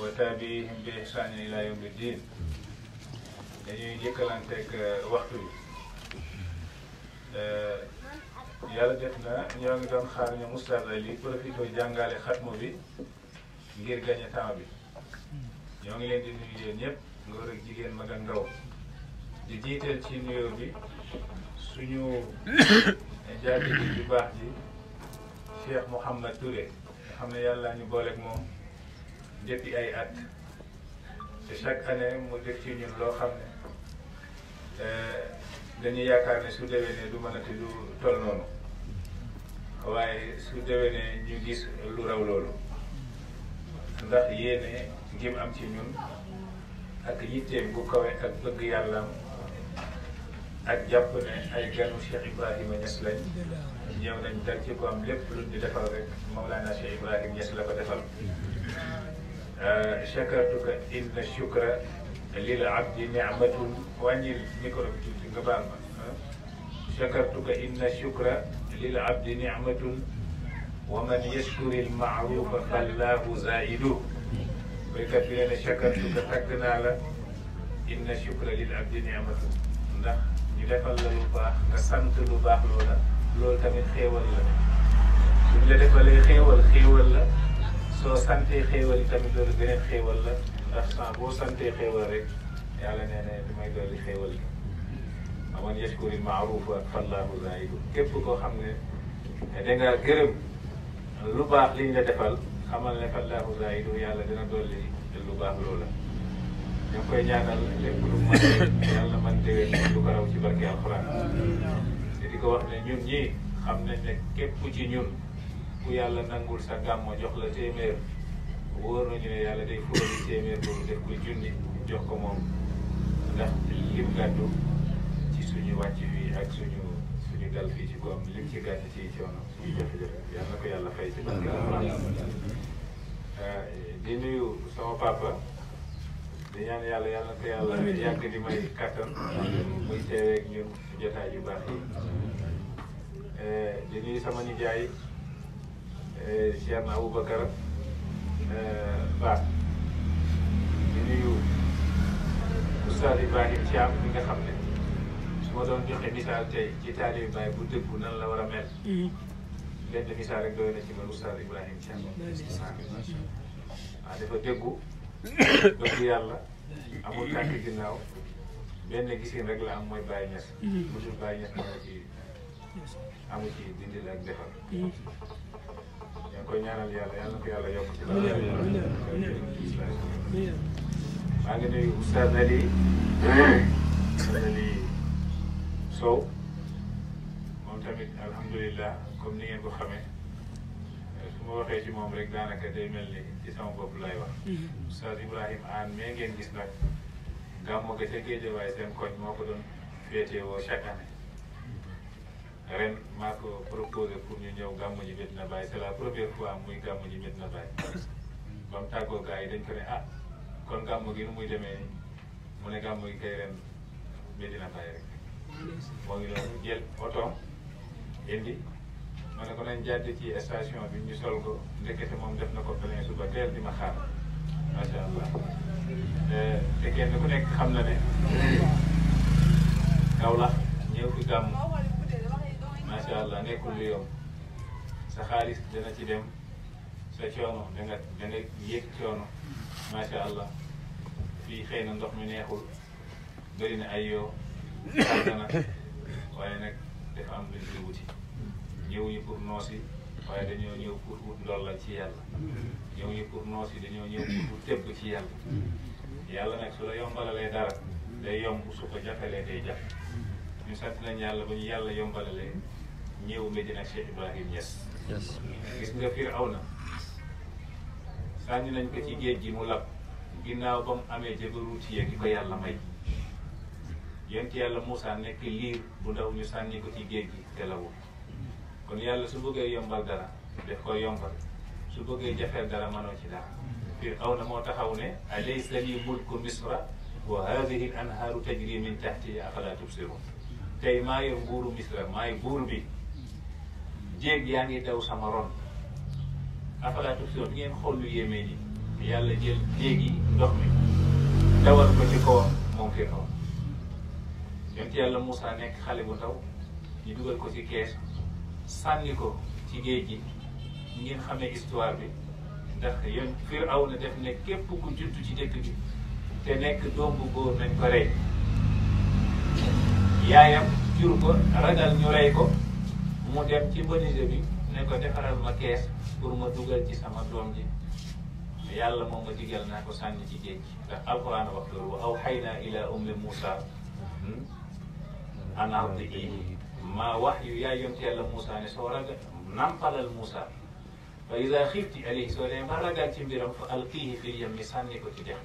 wa tabiihim bi ihsaanin ilaa yawmi diin dañuy jëkkalanteeg euh, waxtu yi euh, yàlla def na ñoo ngi doon xaar ñu Moustaz Ali profité jàngale xatmu bi ngir gañe bi ñoo ngi leen di nuyu yéen ñëpp ngóor ak jigéen mag ak di jiiteel ci nuyoo bi suñu jaajëfal bu baax ji Cheikh Mouhamad Touré nga xam ne yàlla ñu booleeg moom. depuis ay at te chaque année mu def ci ñun loo xam ne euh, dañuy yaakaar su déwénee du mënati lu toll noonu waaye su déwénee ñu gis lu raw loolu ndax yéene ngim am ci ñun ak yitteem bu kawe ak bëgg yàllam ak jàpp ne ay ganu Cheikh Ibrahima Niass lañ ñëw nañ dal ci ko am lépp lu ñu defal rek Mawlana Cheikh Ibrahima Niass la ko defal آه، شكرتك إن الشكر للعبد نعمة واني الميكرو آه، شكرتك إن الشكر للعبد نعمة ومن يشكر المعروف فالله زائده بكثير أنا شكرتك تكنا على إن الشكر للعبد نعمة نه ندفل لباخ نسنت لباخ لولا لولا تمن خيول لولا تمن خيول خيول لولا soo sante xéewal yi tamit loolu beneen xéewal la ndax saa boo santee xéewal rek yàlla nee na damay dolli xéewal gi aman yashkuri maarufa fallahu zaidu képp koo xam ne da ngaa gërëm lu baax liñ la defal xamal ne fallahu zaidu yàlla dina dolli lu baax loola ñu ngi koy ñaa lépp lu mën yàlla man barke alxuraan te di ko wax ne ñun ñii xam ne képp ci ñun ku yàlla nangul sa gàmmo jox la téeméer wóor nañu ne yàlla day fóori j boobu def ko junni jox ko moom ndax lim gàddu ci suñu wàcc wi ak suñu suñu dal fii ci goom lim ci gàddu ci coono suñu jafe-jafe yàlla na ko yàlla fay ci barke di nuyu sama papa di yàlla yàlla ko yàlla yàgg di yu baax eh, sama nijaay Eh, Cheikh Aboubacar eh, Ba di nuyu Oustaz Ibrahim Thiam nga xam ne ma doon joxe misaal tey ci taalibe Baay bu dëggu nan la war a mel. Mm-hmm. benn misaal rek doy na ci man Oustaz Ibrahim Thiam. waaw dafa dëggu dëggu yàlla amul tànk ginnaaw benn gisin rek la am mooy Baay Ñas. Mm-hmm. toujours Baay Ñas moo ci amu ci dindi la ak defal. Mm-hmm. koy ñaanal yàlla yàlla na ko yàlla yokk ci la maa ngi nuyu Oustaz Ali Oustaz Ali Sow moom tamit alhamdulilah ni ngeen ko xamee su ma waxee ci moom rek daanaka mel ni ci sama bopp laay wax mm-hmm. Oustaz Ibrahima Anne mais ngeen gis nag gàmmu ga ca Géejawaay seen koñ moo ko doon féetewoo chaque année ren maa ko proposé pour ñu ñëw gàmmu ji Medina Baye c'est la première fois muy gàmmu ji Medina Baye ba mu tàggoo gars yi dañ ko ne ah kon gàmmu gi nu muy demee mu ne gàmmu gi kay ren Medina Baye rek moo ngi doon jël otoom ma ne ko nañ jàdd ci station bi ñu sol ko ndekete moom def na ko plein suba teel di ma te kenn ku nekk xam na ne Kaolack ñëw fi gàmmu incha allah nekkul lu yomb sa xaalis dana ci dem sa coono danga danga yëg coono macha allah fii xëy na ndox mi neexul bëri na ay yoo na waaye nag dafa am luñ fi wuti ñëwuñu pour noosi waaye dañoo ñëw pour wut ndollal ci yàlla ñëwuñu pour noosi dañoo ñëw pour wut tëbb ci yàlla yàlla nag su la yombalalee dara day yomb su ko jafalee day jafe ñu sant nañ yàlla ba ñu yàlla yombalalee ñëw Medina Cheikh Ibrahim Niass gis nga Firawna sànni nañ ko ci géej mu lab ginnaaw ba mu amee jabaruuti ya gi ko yàlla may yonent yàlla Moussa nekk liir bu ndaw ñu sànni ko ci géej gi te lawul kon yàlla su bëggee yombal dara def ko yombal su bëggee jafeel dara mënoo ci dara Firawna moo taxaw ne alaysa li mulku misra wa hadihi al anhaaru tajri min tahti afala tubsirun tey maa yor buuru misra maay buur bi jéeg yaa ngi daw sama ron afalaa tubsiruun ngeen xool lu yéemee ni yàlla jël jéeg yi ndox mi dawal ko ci kawam moom Firawna yonent yàlla nekk xale bu ndaw ñu dugal ko ci kees sànni ko ci géej gi xam ne histoire bi ndax yoon Firawna def ne képp ku judd ci dëkk bi te nekk doom bu góor nañ ko rey yaayam jur ko ragal ñu rey ko mu dem ci menuisier bi ne ko defaral ma kees pour ma dugal ci sama doom ji yàlla moom ma digal naa ko sànni ci géej gi ndax alquran wax loolu wa awxayna ila ummi Moussa an ardihi ma wax yu yaa yonte yàlla Moussa ne soo ragal nampalal Moussa fa ida xifti alayhi soo dee ma ragal ci mbiram fa alqihi fil yammi sànni ko ci dex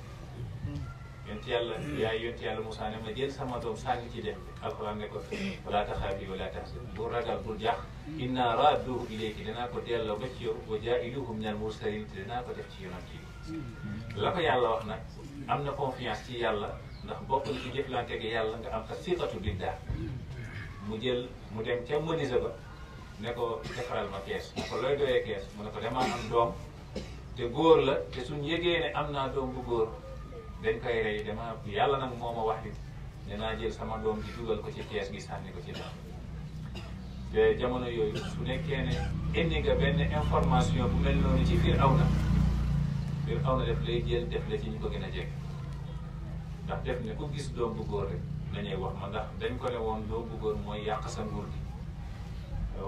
yonent yàlla yaay yonent yàlla Moussa ne ma jël sama doom sànni ci dem bi ne ko wala taxaabi wala taxsin bul ragal bul jàq inna radduhu ilayki danaa ko delloo ba ci yow wa jaa'iluhu minal mursalin te danaa ko def ci yonent yi la ko yàlla wax nag am na confiance ci yàlla ndax bokk na ci jëflante gi yàlla nga am ka siqatu billah mu jël mu dem ca Monisé ba ne ko defaral ma kees mu ko looy doyee kees mu ne ko damaa am doom te góor la te suñ yëgee dañ koy rey dama yàlla nag moo ma wax ni danaa jël sama doom ji dugal ko ci kees gi sànni ko ci dara jamono yooyu su nekkee ne indi nga benn information bu mel noonu ci fiir aw na fiir aw na def lay jël def la ci ñu ko gën a jege ndax def ne ku gis doom góor rek dañuy wax ma ndax dañ ko ne woon doom bu góor mooy yàq sa nguur gi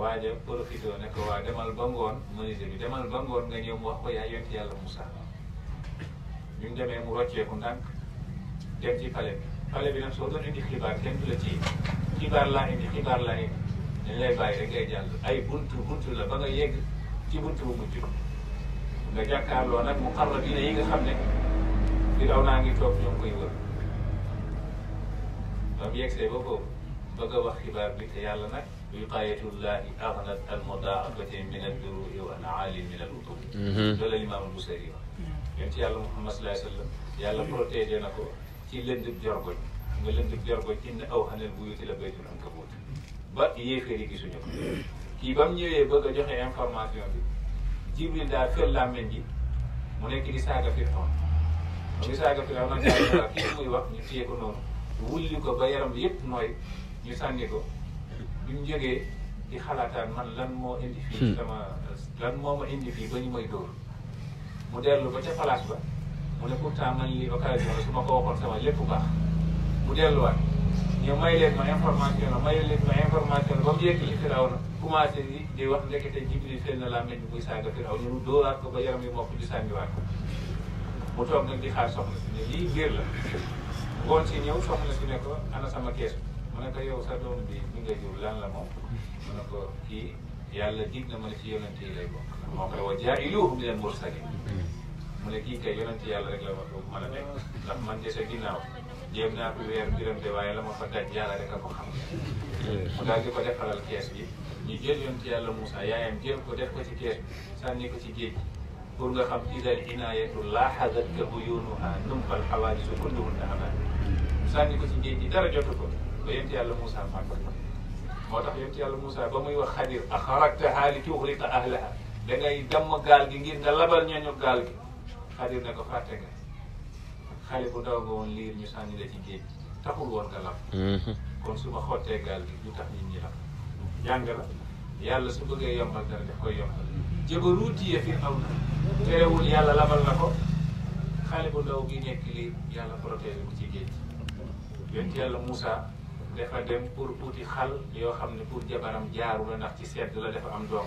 waaja profité ne ko waa demal ba ngoon menuisier bi demal ba ngoon nga ñëw mu wax ko yaa ñu ngi demee mu rocceeku ndànk dem ci pale bi pale bi nag soo doon indi xibaar kenn du la ci xibaar laa indi xibaar laa indi dañ lay bàyyi rek ngay jàll ay buntu buntu la ba nga yegg ci buntu bu mujj nga jàkkaarloo nag mu xarra dina yi nga xam ne di daw naa ngi toog ñoo koy wër ba mu yegsee ba foofu bëgg a wax xibaar bi te yàlla nag wiqaayatullahi aghnat al mudaafati min al duru'i wa naali min al utub loolu la limaamul Busayri yonent yàlla Muhammad sallallahu alayhi wa sallam yàlla protégé na ko ci lëndëm jorgoñ nga lëndëm jorgoñ inna awhanal buyuuti la baytul ankabuut ba yéeféer yi gisuñu ko kii ba mu ñëwee bëgg a joxe information bi Jibril daal fël làmmiñ ji mu nekk di saaga Firawna mu ngi saaga Firawna nag daal kii muy wax ñu téye ko noonu wulli ko ba yaram bi yëpp mooy ñu sànni ko bi mu jógee di xalaataan man lan moo indi fii sama lan moo ma indi fii ba ñu may dóor mu dellu ba ca palaas ba mu ne pourtant man li occasion la su ma ko waxoon sama lépp a mu delluwaat ñu may leen ma information la may leen ma information la ba mu yegg ci firaw na commencé di di wax ndekete Jibril seen na la meñ bi muy saaga firaw ñu dóoraat ko ba yaram yi mokk di sànniwaat ko mu toog nag di xaar soxna si ne lii biir la ngoon si ñëw soxna si ne ko ana sama kees mu ne ko yow sa doom bi ñu ngay jur lan la moom ko kii yàlla dig na ma ne ci yonente yi lay bokk moo koy wa jaa'iluuhum minal mursaliin mu ne kii kay yonente yàlla rek la ma ko mën a man de sa ginnaaw jéem naa ko weer biram de waaye la ma fa daj yàlla rek a ko xam mu daal di ko defaral kees gi ñu jël yonente yàlla Moussa yaayam jël ko def ko ci kees bi sànni ko ci géej gi pour nga xam idal inaayatu laaxadatka uyuunuhaa numpal xawaadisu kulluhunna amaan sànni ko ci géej gi dara jotu ko ba yonente yàlla Moussa fàkk moo tax yonent yàlla Moussa ba muy wax Xadir axaractaha li tuxriqa ahlaha da ngay damm gaal gi ngir nga labal ñooñu gaal gi Xadir ne ko fàtte nga xale bu ndaw nga woon liir ñu sànni la ci géej taxul woon nga lab mhm. kon su ma xottee gaal gi lu tax nit ñi lab jàng la yàlla su bëggee yombal dara daf koy yombal jabaruutiye fi aw na terewul yàlla labal na ko xale bu ndaw bi nekk liir yàlla protégé ko ci géej yonent yàlla Moussa dafa dem pour uti xal yoo xam ne pour jabaram jaaru la ndax ci sedd la dafa am doom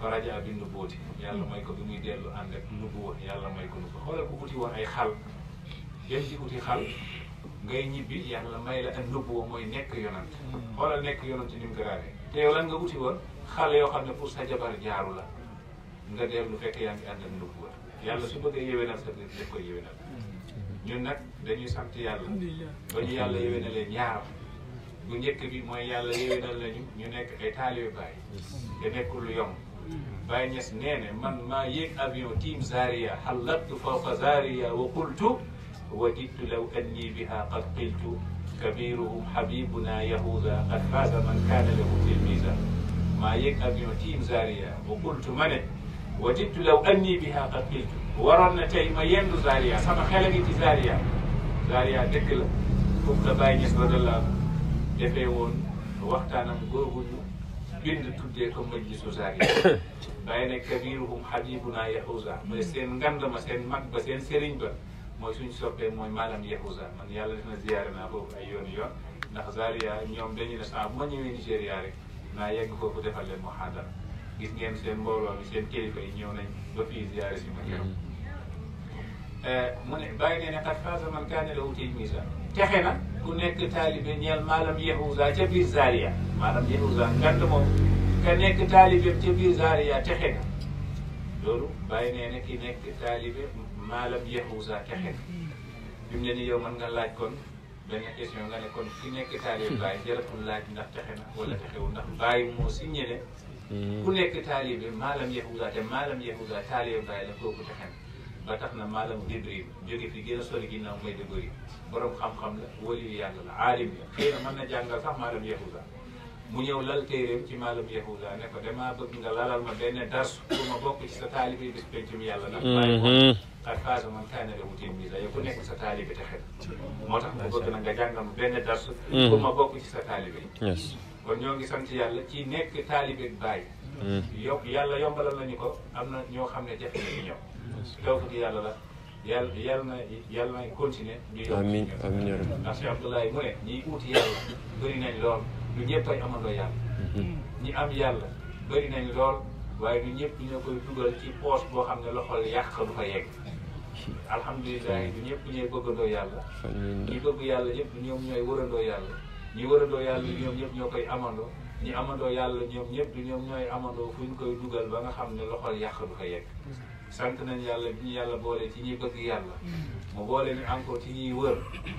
faraja bi nubuwati yàlla may ko bi muy dellu ànd ak yàlla may ko nubuwa xoolal bu uti woon ay xal dem ci uti xal ngay ñibbi yàlla may la ak nubuwa mooy nekk yonant hmm. xoolal nekk yonant ni mu garaaree te yow nga uti woon xal yoo xam ne pour sa jabar jaaru la nga dellu fekk yaa ngi ànd ak nubuwa yàlla su bëggee yéwénal sa biir daf koy yéwénal hmm. ñun nag dañuy sant yàlla ba ñu yàlla yéwénalee ñaaram bu njëkk bi mooy yàlla yéwénal lañu ñu nekk ay taalibe Baay te nekkul lu yomb Baay Ñas nee ne man maa yéeg avion tiim Zaria xallabtu fawqa Zaria wa qultu wajidtu law anni biha qad qiltu kabiruhum habibuna yahuda qad faaza man kaana lahu tilmisa maa yéeg avion tiim Zaria wa qultu ma ne wajidtu law anni biha qad qiltu waroon na tey ma yendu Zaria sama xel a ngi ci Zaria Zaria dëkk la foofu la Baay Ñas radiyallaahu defee woon waxtaanam googu ñu bind tuddee ko majlisu zaaki bàyyi ne kabiruhum habibuna yahuza mooy seen ngandama seen mag ba seen sëriñ ba mooy suñ soppee mooy maalam yahuza man yàlla def na ziyaare naa foofu ay yoon yoon ndax Zaria ñoom dañu ne saa bu ma ñëwee Nigéria rek naa yegg foofu defal leen muhaadara gis ngeen seen mbooloo mi seen kilifa yi ñëw nañ ba fii ziyaare si ma keroog mu ne bàyyi ne ne xat faasa man kaane lahu tilmisa texe na كنك تالي نيال مالام يهوذا تي بير زاريا مالام يهوذا غاند موم كنك تالي بي تي بير زاريا تخيغا لولو باي نينا كي نك تالي بي مالام يهوذا تخيغا بيم نيني يو مان نغا لاج كون بن كيسيون غاني كون كي نك تالي باي جيرتو لاج ناخ تخينا ولا تخيو ناخ باي كنك تالي بي مالام يهوذا تالي باي كوكو تخينا ba tax na maalam Jibril jóge fi gën a sori ginnaaw may dëgëri borom xam-xam la waliyu yàlla la aalim la na mën na jàngal sax maalam Yahuda mu ñëw lal téeréem ci maalam Yahuda ne ko damaa bëgg nga lalal ma benn darsu pour ma bokk ci sa taalibe bis pencum yàlla na bàyyi ko mhm. xat faasa man kaana lahu tilmiza yow ku nekk sa taalibe te xel moo tax mu bëgg na nga jàngal ma benn darsu mhm. pour ma bokk ci sa taalibe kon ñoo ngi sant yàlla ci nekk taalibe bàyyi Mm. yow yàlla yombalal nañu ko am na ñoo xam ne jafe nañu ñëw. tawfeex yàlla la yàlla yàlla na yàlla na continuer. ñu yokk amiin amiin yaa rabbi ndax Cheikh Abdoulaye mu ne ñiy uuti yàlla bëri nañ lool du ñëpp ay amandoo yàlla. Mm-hmm. ñi am yàlla bëri nañ lool waaye du ñëpp ñoo koy dugal ci poos boo xam ne loxol yàq du fa yegg. alhamdulilah du ñëpp ñooy bëggandoo yàlla. ñi bëgg yàlla ñëpp ñoom ñooy wërandoo yàlla. ñi wërandoo yàlla ñoom ñëpp ñoo koy amandoo. ñi amandoo yàlla ñoom ñëpp du ñoom ñooy amandoo fu ñu koy dugal ba nga xam ne loxol yàq du ko yegg sant nañ yàlla bi yàlla boole ci ñuy bëgg yàlla mu boole ñu encore ci ñuy wër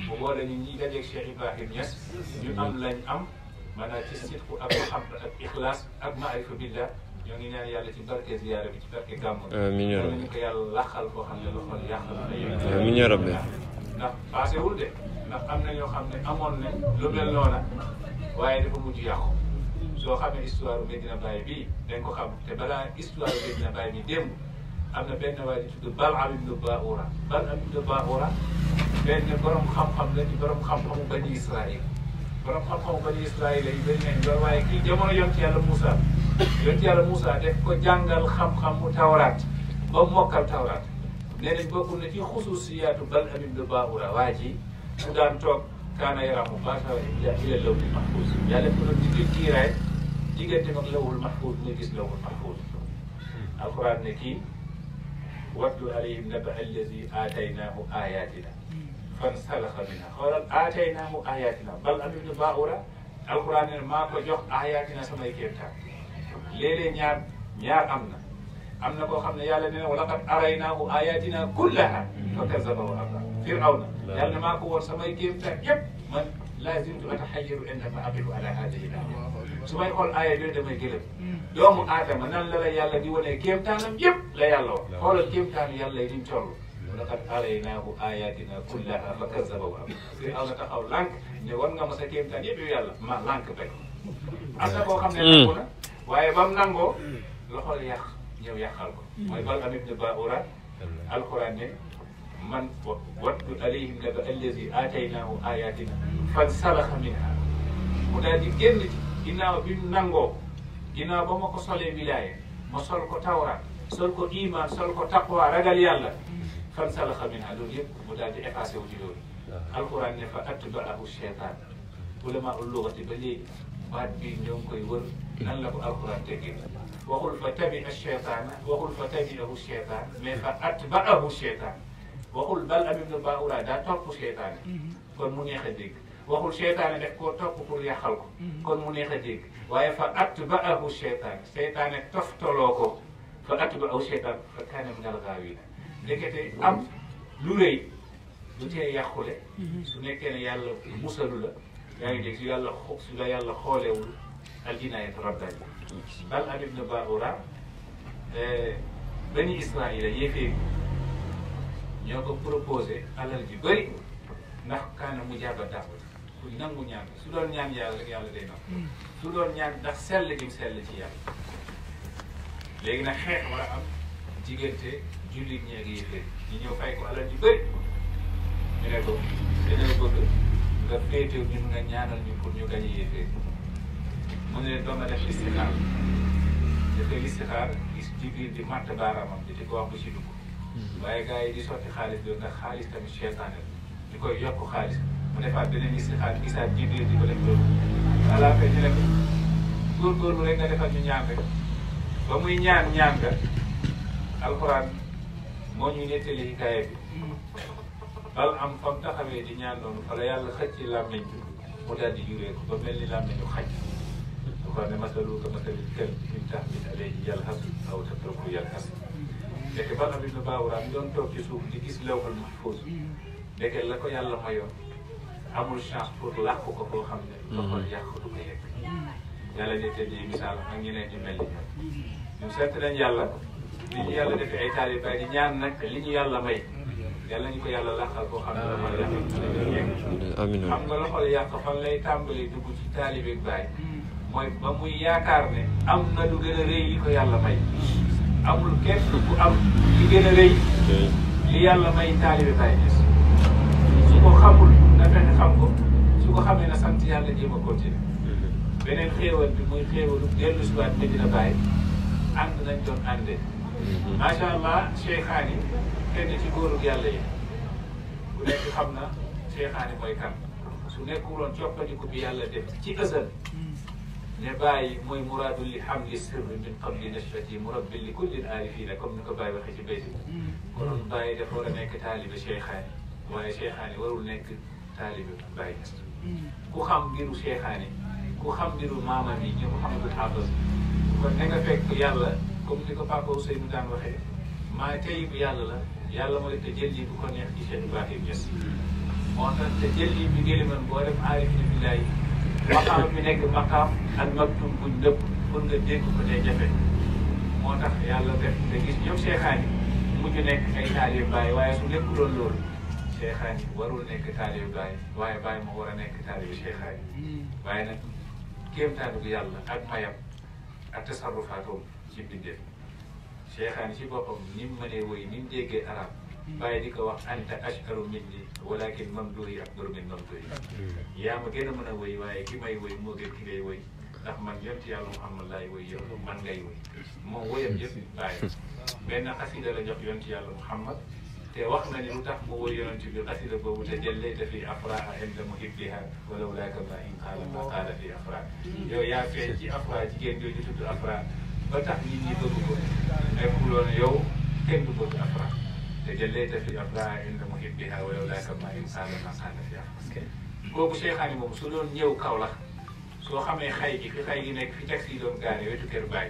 mu boole ñu ñuy dajeeg i Ibrahim Niass ñu am lañ am a ci sitku ak mahabba ak ixlaas ak maarifa ñoo ngi ñaan yàlla ci barke ziyaara bi ci barke gàmm amiin yaa rabbi ñu ko yàlla laqal boo xam ne loxol yàq du ko amiin yaa rabbi ndax paasewul de ndax am na ñoo xam ne amoon nañ lu mel noona waaye dafa yàqu so xamee histoire Medina Baye bi dañ ko xam te balaa histoire Medina Baye bi démb am na benn waa ji tudd Bal'am ibnu Ba'ura Bal'am ibnu Ba'ura benn borom xam-xam la ci borom xam-xamu bani Israël borom xam-xamu bani Israël yi bëri nañ lool waaye kii jamono yonent yàlla Moussa yonent yàlla Moussa def ko jàngal xam-xamu tawrat ba mokkal tawrat nee nañ bokk na ci xususiyaatu Bal'am ibnu Ba'ura waa ji su daan toog kaana yaraamu baata ila lawhil mahfuus yàlla ko doon ci kiiraay digganteem ak lawul mahfuus ñu gis lawul mahfuus alxuraan ne kii watlu alayhim naba allazi aataynaahu ayatina fan salaxa minha xoolal aataynaahu ayatina bal amit baura alxuraan ne maa ko jox ayatina samay kéemtaan léeg-léeg ñaar ñaar am na am na koo xam ne yàlla nee na wala qad araynaahu ayatina kullaha fa kazaba wa aba firawna yàlla ne maa ko woon samay kéemtaan yépp man laa zintu atahayyaru indama aqilu ala hadihi al su may xool aaya yooyu damay gëlëm mm. doomu aadama nan la la yàlla di wanee kéemtaanam yëpp la yàlla wax xoolal kéemtaanu yàlla yi ni mu toll laqad araynaahu ayatina kazzaba wa am si aw na taxaw lànk ne war nga ma sa kéemtaan yëpp yow yàlla ma lànk bañ am koo xam ne nangu na mm. waaye ba mu nangoo mm. loxol yàq ñëw yàqal ko mooy bal amit ne ba ura alquran ne man wattu alayhim naba allazi aataynaahu ayatina fan salaxa minha mu daal ginaaw bi mu nangoo ginnaaw ba ma ko solee wilaaya ma sol ko tawraat sol ko iman sol ko taqwa ragal yàlla fan salaxa minha loolu yëpp mu daal di effacé wu ci loolu ne fa atbaahu ba léegi baat waxul fa tabia cheytaana waxul fa tabiahu cheytaan mais fa waxul bal abim na baawuraa daa topp cheytaane mhm. kon mu neex a dégg waxul seytaane def koo topp pour yàqal ko kon mu neex a jégg waaye fa atba'ahu seytaane seytaane toftaloo ko fa atba'ahu seytaane fa kaana min al-ghaawiina ndekete am lu rëy du tee yàqule su nekkee ne yàlla musalu la yaa ngi dégg su yàlla su la yàlla xoolewul al-jinaayatu rabbani Bal'am ibn Ba'ura bani Israayiila yéefee ñoo ko proposé alal ji bëri ndax kaana mujaaba dàpp ku nangu ñaan su doon ñaan yàlla yàlla day nangu hmm. su doon ñaan ndax sell gi mu sell ci yàlla léegi nag xeex war a am diggante jullit ñee ngi yëfee ñu ñëw fay ko alal ñu bëri ñu ne ko dañoo bëgg nga féetew ñun nga ñaanal ñu pour ñu gañ a yëfee mu ne doon na def listixaar daf koy listixaar gis Jibril di matt baaraamam di ko wax bu ci dugg hmm. waaye gars yi di sotti xaalis bi ndax xaalis tamit seetaane la ñu koy yokk xaalis mu defaat beneen istixaar gisaat jibril di ko def loolu à la fin ñu ne ko góorgóorlu rek nga defal ñu ñaan rek ba muy ñaan ñaan nga alxuraan moo ñuy nettali hikaaya bi bal am fam taxawee di ñaan noonu fala yàlla xëcc làmmiñ bi mu daal di juree ko ba mel ni làmmiñu xaj alxuraan ne masalu ka masali kër bi tax bi na léegi yàlla xasu aw tatruku yàlla xasu ndeke bal am ibnu baawuraan doon toog ci suuf di gis lawxul mahfuus ndeke la ko yàlla mayoon amul chance pour làkk ko koo xam ne. loxol mm-hmm. yàq du ko yegg. yàlla day tëddee misaal ak ñeneen ñu mel ni ñoom. ñun sant nañ yàlla li ñu yàlla defee ay taaliba ñaan nag li ñu yàlla may. yàlla ñu ko yàlla làqal koo xam ne loxol yàq du yegg. amiin xam nga loxol yàq fan lay tàmbali dugg ci taalibe baay. mooy ba ne am na lu a rëy li ko yàlla may. amul gën a rëy. li yàlla may taalibe baay gis. su ko xamul. na fexe xam ko su ko xamee na sant yàlla jéem a continuer beneen xéewal bi muy xéewalu dellu si waat Medina Baye ànd nañ doon àndee macha allah cheikhaan yi kenn ci góorug yàlla yi ku nekk xam na cheikhaan yi mooy kan su nekkuloon coppaniku bi yàlla def ci ësal ne bàyyi mooy muraadu li xam li sirri min qabli nashfati murabbi li kulli aarifina comme ni ko bàyyi waxee ci bayti konoon bàyyi dafa war a nekk taalibe cheikhaan yi waaye cheikhaan yi warul nekk taalibe bu bàyyi ku xam mbiru seexaane ku xam mbiru maamam yi ñu Muhammadul Haafis kon na nga fekk yàlla comme ni ko papa Ousseynou daan waxee maa tey bu yàlla la yàlla moo def te jël yi bu ko neex ci Cheikh Ibrahim Niass moo tax te jël yi bi ngéliman boo dem aarifina billaay maqaam bi nekk maqaam ak maktum buñ dëpp pour nga dégg ko day jafe moo tax yàlla def te gis ñoom seexaani mujj nekk ay taalibe bàyyi waaye su nekk doon loolu Cheikhaani warul nekk taalibu Baay waaye Baay moo war a nekk taalibu Cheikhaani waaye nag kéemtaanu yàlla ak mayam ak tasarrufaatoom ci bindee Cheikhaani ci boppam ni mu woy ni mu déggee arab bàyyi di ko wax anta ash'aru minni walakin mamduhi akbaru min mamduhi yaa ma gën a mën a woy waaye ki may woy moo gën ki ngay woy ndax man yonent yàlla Muhammad laay woy yow man ngay woy moom woyam yëpp bàyyi benn xasida la jox yonent yàlla Muhammad te wax nañu lu tax mu wër yonent bi xasida boobu te jallayta fi afraaha inda muhibbiha walaw laaka ma in qaala ma qaala fi afraa yow yaa feeñ ci afraa jigéen jooju tudd afraa ba tax nit ñi bëgg ko nekkuloon yow kenn du bëgg afraa te jallayta fi afraaha inda muhibbiha walaw laaka ma in qaala ma qaala fi afraa kooku Seexaani moom su doon ñëw kaw la soo xamee xay gi fi xay gi nekk fi taxi yi doon gaare wetu kër Baay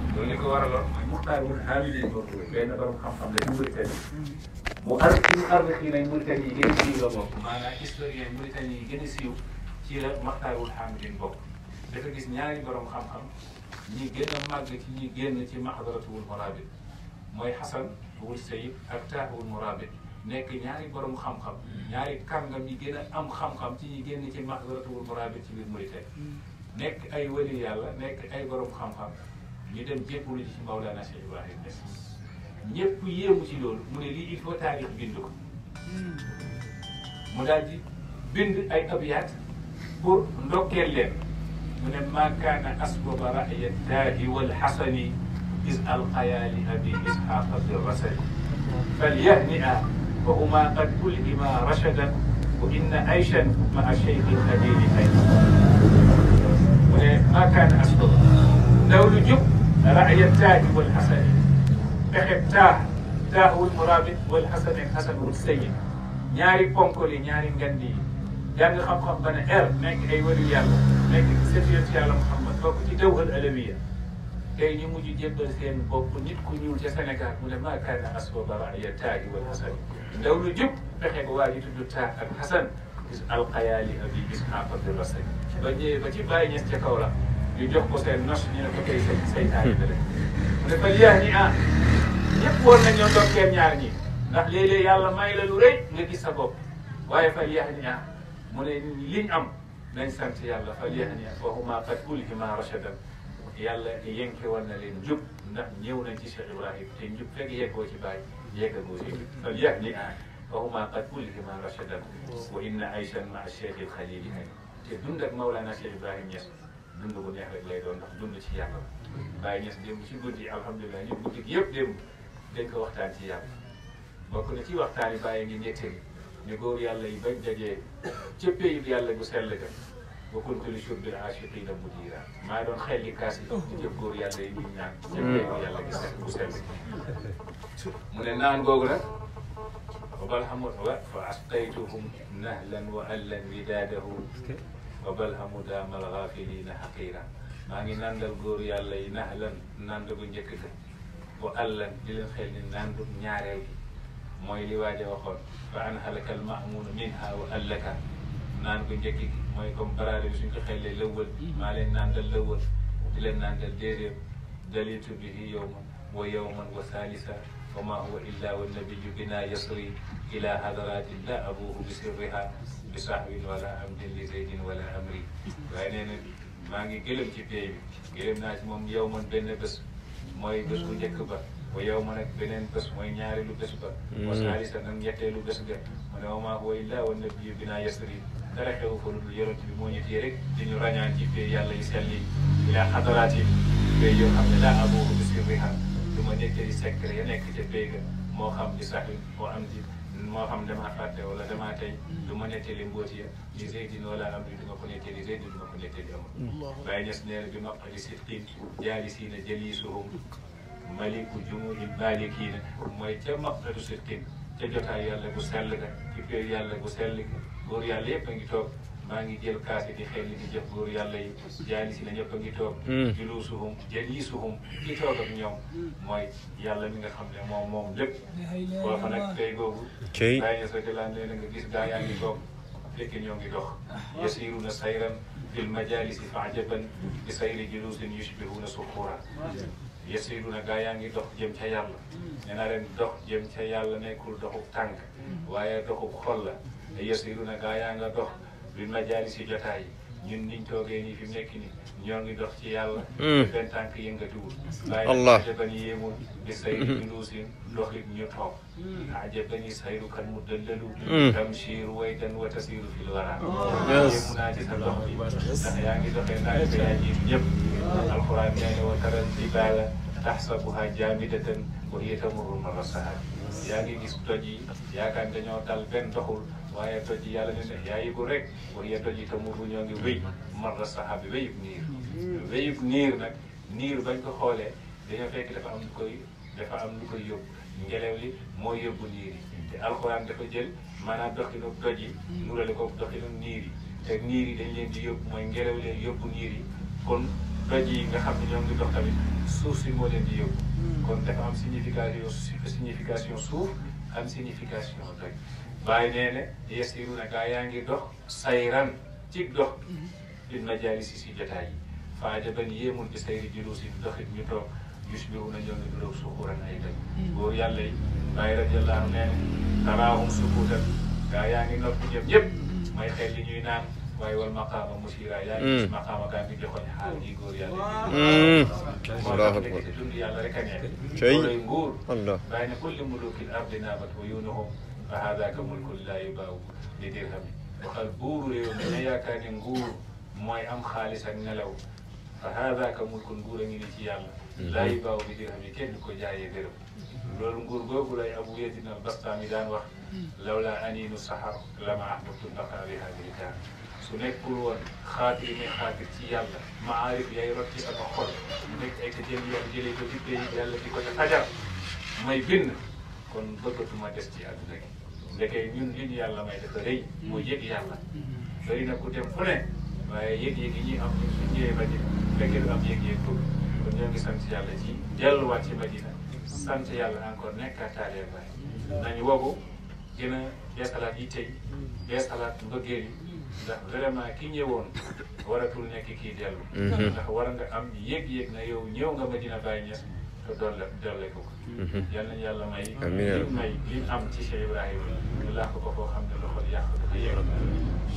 loolu li ko waraloon mooy muxtaar wul xaamil yi boobu benn borom xam-xam la ñu Mauritanie mu ar suñu arrêté nañ Mauritanie yi gën a siiw la bokk maanaam historien Mauritanie yi gën a siiw ci la muxtaar wul xaamil yi bokk dafa gis ñaari borom xam-xam ñi gën a màgg ci ñi génn ci maxdaratuwul murabit mooy Xasan wul Sayib ak Taahul murabit nekk ñaari borom xam-xam ñaari kàngam yi gën a am xam-xam ci ñi génn ci maxdaratuwul murabit ci biir Mauritanie nekk ay wali yàlla nekk ay borom xam-xam ñu dem jébbalu ci Maulana Cheikh Ibrahim Niass ñëpp yéemu ci loolu mu ne lii il faut taarix bind ko mu daal di bind ay abiyaat pour ndokkeel leen mu ne maa kaana asbaba raya daahi walxasani is alqayaa li abi isxaqa bi rasali falyahnia wa huma qad ulhima rashadan wa inna ayshan maa cheikhi lxadili ay mu ne maa kaana asbaba ndaw lu jub رأي التاه والحسن فخب تاه تاه المرابط والحسن الحسن والسيد نياري بونكولي نياري نغندي جاني خب خب بنا إر ميك أي ولي يالا ميك سيتي يتي على محمد فكتي دوه الألوية كي نموجي جبل سين بوكو نيت كنيو جسنك مولا ما كان أسوأ رأي التاه والحسن لو نجب فخب واجي تدو تاه الحسن القيالي أبي إسحاق الرسل بجي بجي باي نستيقاولا ñu jox ko seen nos ñu ne ko tey say saytaane la rek mu ne fal yeex ñi ah ñëpp war nañoo ndokkeel ñaar ñi ndax léeg-léeg yàlla may la lu rëy nga gis sa bopp waaye fal yeex ñi ah mu ne liñ am nañ sant yàlla fal yeex ñi ah waxuma qad ulhima rashadan yàlla yënke war na leen jub ndax ñëw nañ ci Cheikh Ibrahim te njub fekk yeggoo ci bàyyi yeggagoo ci fal yeex ñi ah waxuma qad ulhima rashadan wa inna ayshan maa Cheikh al Khalil te dund ak Mawlana Cheikh Ibrahim Niass dund bu neex rek lay doon ndax dund ci yàlla la bàyyi ñes démb ci guddi alhamdulilah ñëpp guddi gi yëpp démb dañ ko waxtaan ci yàlla bokk na ci waxtaan yi bàyyi ngi nettali ni góor yàlla yi bañ dajee ca péyib yàlla bu sell ga bakuntu li shurbil aashiqiina mudira maa doon xelli kaas yi di jëf góor yàlla yi ñu naan ca péyib yàlla gi sell bu sell mu ne naan googu nag wa bal xamul wa fa astaytuhum nahlan wa allan widaadahu وبل هم دام الغافلين حقيرا ماني ناند الغور يالا ينهلا ناند بو نجك دك بو ألا دلن خيل ناند نياري موي لي واجه وخور فعن هلك المأمون منها وألك ناند بو نجك موي كم برالي بسن كخيل لي لول مالي ناند اللول دلن ناند الديريب دليت به يوما ويوما وثالثا wa ma huwa illa wannabiyu bina yasri ila hadarati la abuhu bi sirriha bi amdin li zaydin amri waaye maa ngi gëlëm ci pay bi gëlëm naa ci moom yow man benn bés mooy bés bu njëkk ba wa yow man beneen bés mooy ñaareelu bés ba mm. wa saalisa nag ñetteelu bés ga mu wa ma huwa illa wannabiyu bina yasri dara xew ko lu yonent moo ñu téye rek di ci pay yàlla yi sell yi ila la abuhu bi sirriha du ma jëkkëri secret ya nekk ca béyga moo xam ci sax moo am ci moo xam damaa fàtte wala damaa tey du ma nettali mbóot ya li Zeydin wala am di du ma ko nettali Zeydin du ma ko nettali amul waaye ñes nee ma di sitqin jaali siina jëliisuhum maliku jumuri malikiina mooy bu sell ka ci péer yàlla bu sell ka góor yàlla yëpp a ngi toog maa ngi jël kaas yi di xel yi di jëf góor yàlla yi jaani si la ñëpp a ngi toog julu suhum jëli suhum ki toog ak ñoom mooy yàlla mi nga xam ne moom moom lépp foofa nag tey googu daañu sotilaan nee na nga gis gaa yaa ngi toog fekk ñoo ngi dox yasiruuna sayran fil majalisi faajaban bi sayri julusin yushbihuuna suxuura yasiruuna gaa yaa ngi dox jëm ca yàlla nee naa leen dox jëm ca yàlla nekkul doxub tànk waaye doxub xol la yasiruuna gaa yaa nga dox duñ la jaari si jotaay yi ñun niñ toogee nii fi mu nekk nii ñoo ngi dox ci yàlla benn hmm. tànk yëngatiwul allah ajaban yéemun di sayru juluusin doxit ñu toog hmm. ajabani sayru kan mu dëllalu hmm. tamshiru waydan wa tasiru fil wara oh. yéemu naa ci sa dox bi ndax yaa ngi doxee naa ko yaa jiit ñëpp alquran nee na wa taral jibaala taxsabuha jaamidatan wa hiya tamurru marra sahaab yaa ngi gis doj yi yaakaar dañoo dal benn doxul waaye toji yàlla ne ne yaayi gu rek waaye toji ka mu fu ñoo ngi wéy mar la saxaabi wéyub niir niir nag niir bañ ko xoolee dañoo fekk dafa am koy am lu koy yóbbu ngelaw li mooy yóbbu niir yi te alxuraan dafa jël maanaam doxinu toj yi nurale ko doxinu niir yi te niir yi dañ leen di mooy ngelaw leen yóbbu niir yi kon toj yi nga xam ne ñoo ngi dox si moo leen di yóbbu hmm. kon dafa am signification signification suuf am signification toj bàyyi nee ne yesiru na gaa yaa ngi dox sayran ci dox fil mm-hmm. majalisi si jotaay yi faaja ban yéemul bi sayri julusi doxit ñu toog yusbiru na ñoom ñu doog suxuran ay dëj boobu mm-hmm. yàlla bàyyi radiyallahu nee ne taraahum sukuutan gaa yaa ngi noppi ñëpp ñëpp mm-hmm. may xel li ñuy naan waaye wal maqaama musira yaa ngi gis mm. maqaama gaa ngi joxoñ xaal yi mm. a neex فهذا كملك لا يباع لدرهم البور يومنيا كان نقول ما أم خالص أن لو فهذا كملك نقول أن يتيا لا يباع لدرهم كن كجاي درهم لو نقول جو ولا أبو يدنا بقى ميدان وح لولا أني نصحر لما أحبت النقا بهذه الكلام سنك كلون خاتم خاتم تيال معارف يا يرتي أبا خل نك أكتر يا بجلي كتير يا الله في كذا ما يبين كن بقى تما تستي أدنى ndeke ñun li ñu yàlla may dafa rëy mooy yëg yàlla bëri na ku dem fu ne waaye yëg-yëg yi ñuy am sant yàlla ci delluwaat ci Madina sant yàlla encore nekkataalee baay a yeesalaat yi tey yeesalaat mbëggeel yi ndax vraiment ki ñëwoon waratul nekk kii dellu mhm. ndax war nga am yëg-yëg na yow ñëw nga Madina Baay Ñas te dolle dolle ko yal nañu yàlla may. amiin may li ñu am ci Cheikh Ibrahima ñu làq ko foo xam ne loxo yàq dafa yegg.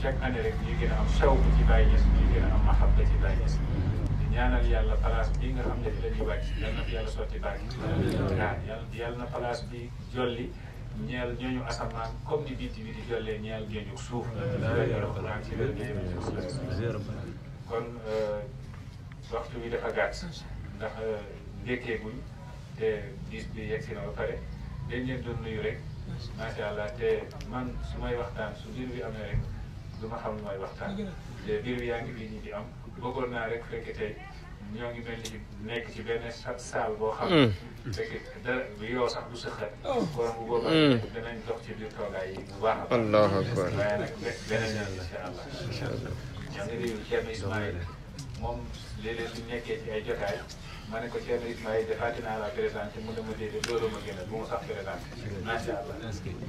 chaque année rek ñu gën a am saw ci Baye Niass ñu gën a am mahabba ci Baye Niass. di ñaanal yàlla place bii nga xam ne fi la ñuy wàcc yal na fi yàlla sotti barke. yal na place bi jolli. ñeel ñooñu asamaan comme ni bitti bi di jollee ñeel ñooñu suuf. kon waxtu bi dafa gàtt. ndax ndékkee guñ. te bis bi yegg si na ba pare dañ nuyu rek macha allah te man su may waxtaan su biir bi amee rek du ma xam lu may waxtaan te biir bi yaa ñu di am bëggoon naa rek ñoo ngi mel ni nekk ci benn saal boo xam ne mm. fekk dara bi yow sax du sëqat kon oh. bu boobaa mm. danañ dox ci biir toogaay yi bu baax a baax waaye nag beneen yoon incha allah ñoo ngi nuyu Thierno ay jotaay ma ne ko Thierno Ismaïl defaati naa la présenté mu ne ma déedéet loolu ma gënal bu ma sax présenté macha allah.